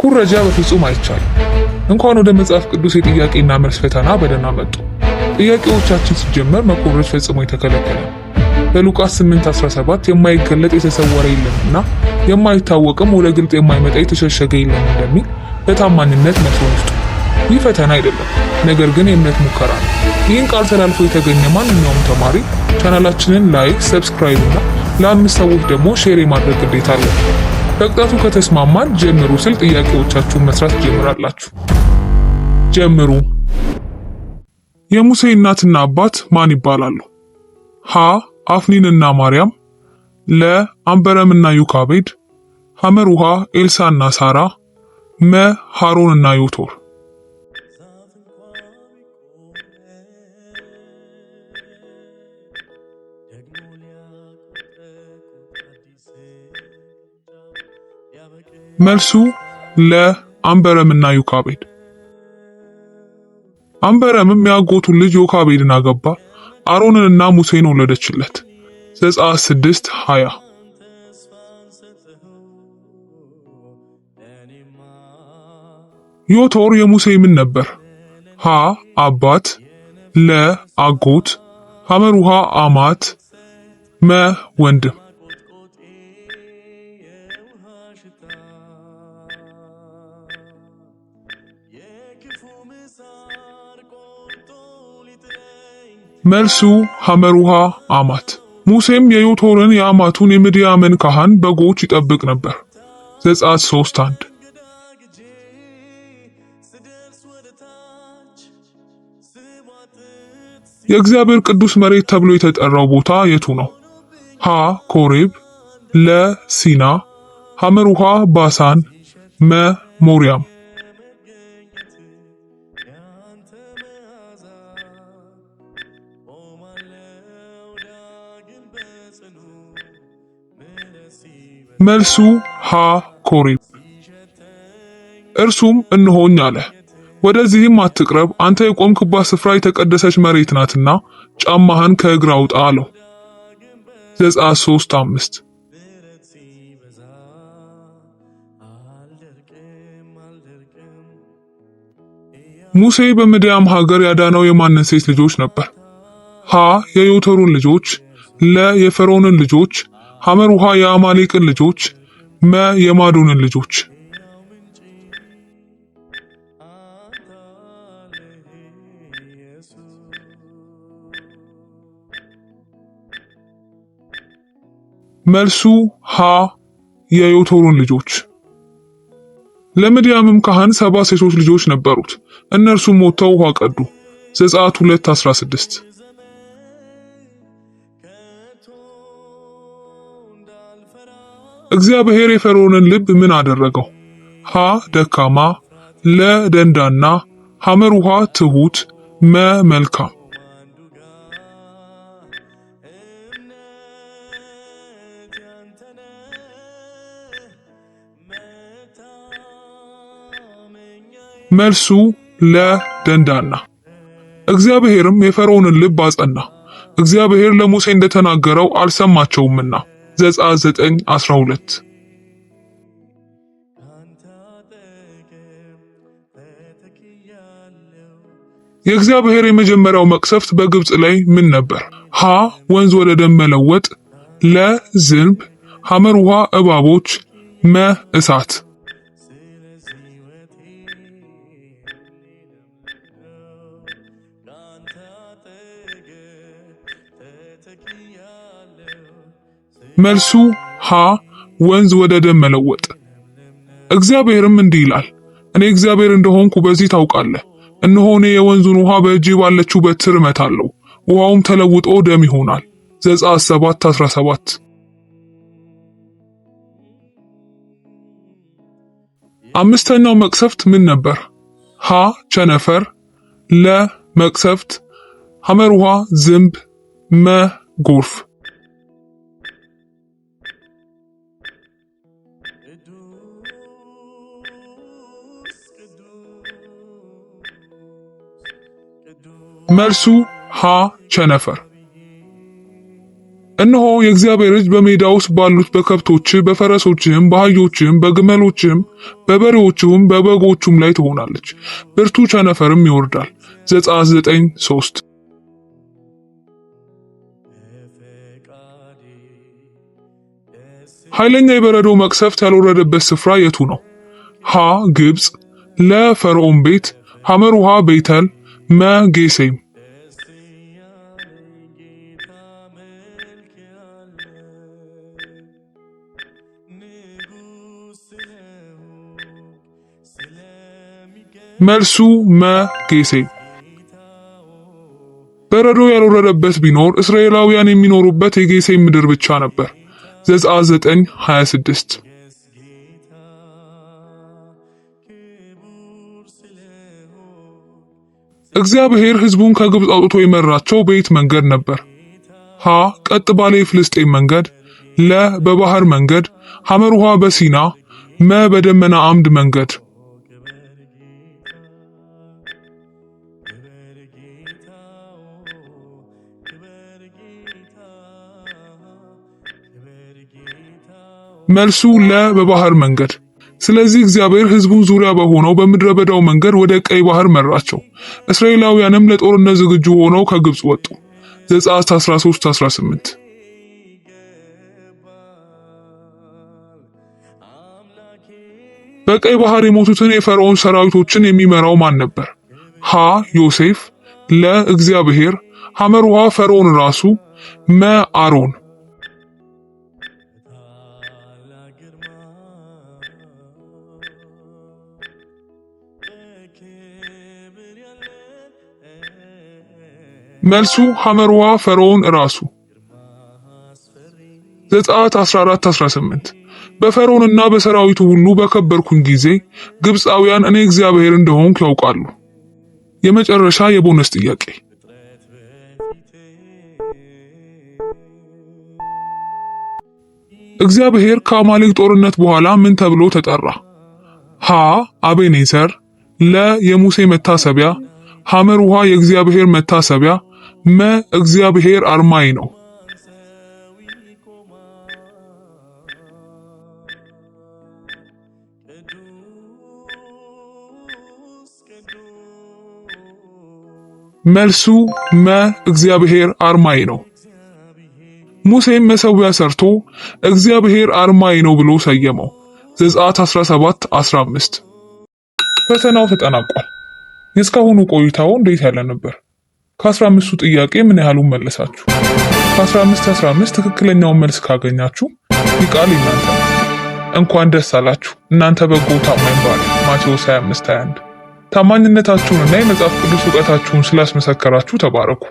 ኩረጃ በፍጹም አይቻልም። እንኳን ወደ መጽሐፍ ቅዱስ የጥያቄና መልስ ፈተና በደህና መጡ። ጥያቄዎቻችን ሲጀመር መኮረጅ ፈጽሞ የተከለከለ በሉቃስ 8:17 የማይገለጥ የተሰወረ የለምና የማይታወቅም ወደ ግልጥ የማይመጣ የተሸሸገ የለም እንደሚል በታማኝነት መስሎ ውስጡ ይህ ፈተና አይደለም፣ ነገር ግን የእምነት ሙከራ ነው። ይህን ቃል ተላልፎ የተገኘ ማንኛውም ተማሪ ቻናላችንን ላይክ፣ ሰብስክራይብ እና ለአምስት ሰዎች ደግሞ ሼር የማድረግ ግዴታ አለን። ተግጣቱ ከተስማማን ጀምሩ ስል ጥያቄዎቻችሁን መስራት ጀምራላችሁ። ጀምሩ። የሙሴ እናትና አባት ማን ይባላሉ? ሀ አፍኒንና ማርያም፣ ለ አንበረምና ዩካቤድ፣ ሐመር ውሃ ኤልሳና ሳራ፣ መ ሃሮንና ዮቶር መልሱ ለአንበረምና ዮካቤድ። አንበረምም ያጎቱን ልጅ ዮካቤድን አገባ፣ አሮንንና ሙሴን ወለደችለት። ዘጸአት ስድስት ሃያ ዮቶር የሙሴ ምን ነበር? ሀ አባት፣ ለ አጎት፣ ሐመሩሃ አማት፣ መ ወንድም መልሱ ሐመሩሃ አማት። ሙሴም የዮቶርን የአማቱን የምድያምን ካህን በጎች ይጠብቅ ነበር። ዘጸአት 3 1 የእግዚአብሔር ቅዱስ መሬት ተብሎ የተጠራው ቦታ የቱ ነው? ሀ ኮሪብ ለ ሲና፣ ሐመሩሃ ባሳን፣ መ ሞሪያም መልሱ ሃ ኮሪብ። እርሱም እንሆኝ አለ። ወደዚህም አትቅረብ፣ አንተ የቆምክባት ስፍራ የተቀደሰች መሬት ናትና ጫማህን ከእግር አውጣ አለው። ዘጸአት ሶስት ሙሴ በምድያም ሀገር ያዳነው የማንን ሴት ልጆች ነበር? ሀ የዮተሩን ልጆች፣ ለ የፈርዖንን ልጆች ሐመር ውሃ የአማሌቅን ልጆች፣ መ የማዶንን ልጆች መልሱ ሀ የዮቶሩን ልጆች። ለምድያምም ካህን ሰባ ሴቶች ልጆች ነበሩት፣ እነርሱም ሞተው ውሃ ቀዱ። ዘጸአት 2:16 እግዚአብሔር የፈርዖንን ልብ ምን አደረገው? ሀ ደካማ፣ ለ ደንዳና፣ ሐመር ውሃ ትሁት፣ መ መልካም። መልሱ ለ ደንዳና። እግዚአብሔርም የፈርዖንን ልብ አጸና፣ እግዚአብሔር ለሙሴ እንደተናገረው አልሰማቸውምና። ዘጸአት 12 የእግዚአብሔር የመጀመሪያው መቅሰፍት በግብፅ ላይ ምን ነበር? ሀ ወንዝ ወደ ደም መለወጥ፣ ለ ዝንብ፣ ሐመር ውሃ እባቦች፣ መ እሳት መልሱ ሀ ወንዝ ወደ ደም መለወጥ። እግዚአብሔርም እንዲህ ይላል፣ እኔ እግዚአብሔር እንደሆንኩ በዚህ ታውቃለህ። እነሆ እኔ የወንዙን ውሃ በጅ ባለችው በትር እመታለሁ፣ ውሃውም ተለውጦ ደም ይሆናል። ዘጸአት 17 አምስተኛው መቅሰፍት ምን ነበር? ሀ ቸነፈር፣ ለ መቅሰፍት፣ ሐመር ውሃ ዝንብ፣ መ ጎርፍ መልሱ ሀ ቸነፈር። እነሆ የእግዚአብሔር እጅ በሜዳ ውስጥ ባሉት በከብቶች በፈረሶችም በአህዮችም በግመሎችም በበሬዎችም በበጎችም ላይ ትሆናለች። ብርቱ ቸነፈርም ይወርዳል። ዘጸአት ዘጠኝ ሶስት ኃይለኛ የበረዶ መቅሰፍት ያልወረደበት ስፍራ የቱ ነው? ሀ ግብጽ፣ ለፈርዖን ቤት፣ ሐመር ውሃ ቤተል መጌሴ መልሱ መጌሴ። በረዶ ያልወረደበት ቢኖር እስራኤላውያን የሚኖሩበት የጌሴ ምድር ብቻ ነበር። ዘጸአት 9 26 እግዚአብሔር ሕዝቡን ከግብፅ አውጥቶ የመራቸው በየት መንገድ ነበር? ሀ ቀጥ ባለ የፍልስጤም መንገድ፣ ለ በባህር መንገድ፣ ሐመር ውሃ በሲና መ በደመና አምድ መንገድ። መልሱ ለ በባህር መንገድ። ስለዚህ እግዚአብሔር ሕዝቡን ዙሪያ በሆነው በምድረ በዳው መንገድ ወደ ቀይ ባህር መራቸው። እስራኤላውያንም ለጦርነት ዝግጁ ሆነው ከግብፅ ወጡ። ዘጸአት 13:18 በቀይ ባህር የሞቱትን የፈርዖን ሰራዊቶችን የሚመራው ማን ነበር? ሀ ዮሴፍ፣ ለ እግዚአብሔር፣ ሐመር ውሃ ፈርዖን ራሱ፣ መ አሮን መልሱ ሐመርዋ ፈርዖን ራሱ ዘጸአት 18 በፈርዖንና በሰራዊቱ ሁሉ በከበርኩኝ ጊዜ ግብፃውያን እኔ እግዚአብሔር እንደሆንኩ ያውቃሉ። የመጨረሻ የቦነስ ጥያቄ እግዚአብሔር ከአማሌቅ ጦርነት በኋላ ምን ተብሎ ተጠራ? ሀ አቤኔዘር፣ ለ የሙሴ መታሰቢያ፣ ሐመር ውሃ የእግዚአብሔር መታሰቢያ መ እግዚአብሔር አርማዬ ነው። መልሱ መ እግዚአብሔር አርማዬ ነው። ሙሴም መሠዊያ ሰርቶ እግዚአብሔር አርማዬ ነው ብሎ ሰየመው። ዘጸአት 17 15 ፈተናው ተጠናቋል። የእስካሁኑ ቆይታው እንዴት ያለ ነበር? ከ 15 ቱ ጥያቄ ምን ያህሉን መለሳችሁ? ከ15 15 ትክክለኛውን መልስ ካገኛችሁ ይቃል እናንተ እንኳን ደስ አላችሁ እናንተ በጎ ታማኝ ባለ ማቴዎስ 25 21። ታማኝነታችሁንና የመጽሐፍ ቅዱስ እውቀታችሁን ስላስመሰከራችሁ ተባረኩ።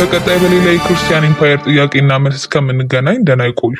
በቀጣይ በሌላ የክርስቲያን ኢምፓየር ጥያቄና መልስ እስከምንገናኝ ደህና ይቆዩ።